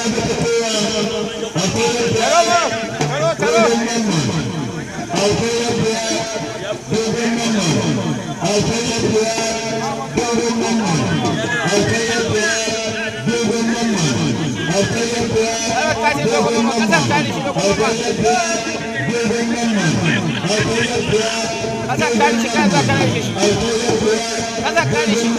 Kazaklar için, kazaklar için. Kazaklar için.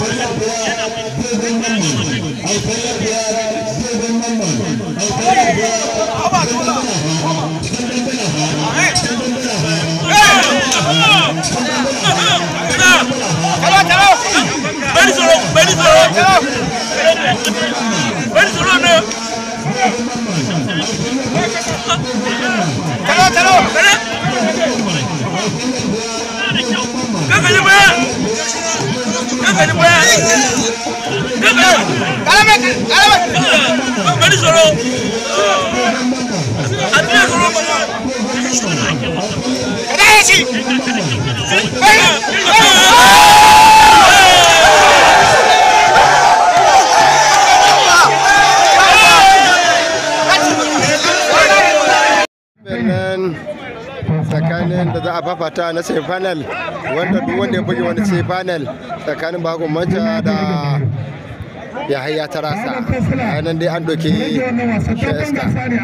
Hello, hello, hello. kẹ́ni bóyá. Dẹ́gbẹ́ kálámẹ́ kálámẹ́. Bẹ́ẹ̀ni sọ̀rọ̀. Àti ẹ̀ sọ̀rọ̀ bàbá. Ẹ̀dá yẹn si. Amen. tsakanin da za a fafata na semifinal wanda duk wanda ya buge wani semifinal tsakanin bagon manja da ya hayya rasa a nan dai an doke shi